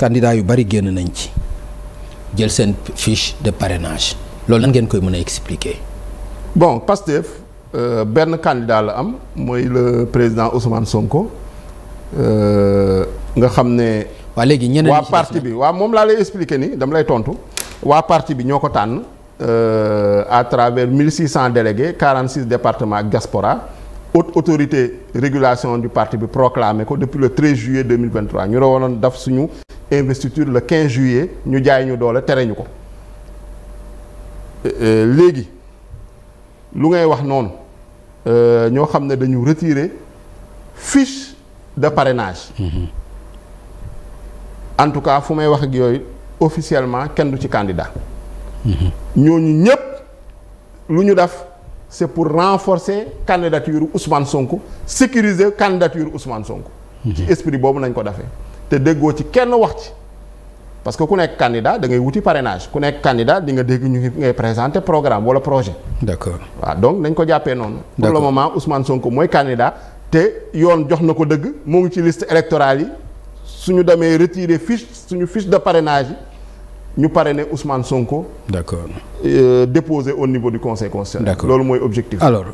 candidat yu bari génn nañ ci jël seen fiche de parrainage loolu nan ngeen koy mën a expliquer. bon Pastef euh, benn candidat la am mooy le président Ousmane Sonko euh, nga xam ne. waa léegi ñeneen waa parti bi waaw moom laa lay ni dama lay tontu waa parti bi ñoo ko tànn euh, à travers 1600 délégués 46 départements ak diaspora haute autorité régulation du parti bi proclamé ko depuis le 13 juillet 2023 ñu doon daf suñu. investiture le 15 juillet ñu jaay ñu doole tere ñu ko euh, euh, léegi lu ngay wax noonu euh, ñoo xam ne dañu retirer fiche de parrainage. Mm-hmm. en tout cas fu may wax ak yooyu officiellement kenn du ci candidat. Mm-hmm. ñooñu ñëpp lu ñu def c'est pour renforcer candidature Ousmane Sonko sécuriser candidature Ousmane Sonko. Mm-hmm. ci esprit boobu nañ ko defee. te déggoo ci kenn wax ci parce que ku nekk candidat da ngay wuti parrainage ku nekk candidat di nga dégg ñu ngi ngay présenter programme wala projet. d'accord waaw donc dañ ko jàppee noonu. pour le moment Ousmane Sonko mooy candidat te yoon jox na ko dégg mu ngi ci liste électorale yi suñu demee retirer fiche suñu fiche de parrainage yi. ñu ne Ousmane Sonko. d'accord euh, déposé au niveau du conseil constitutionnel. loolu mooy objectif alors.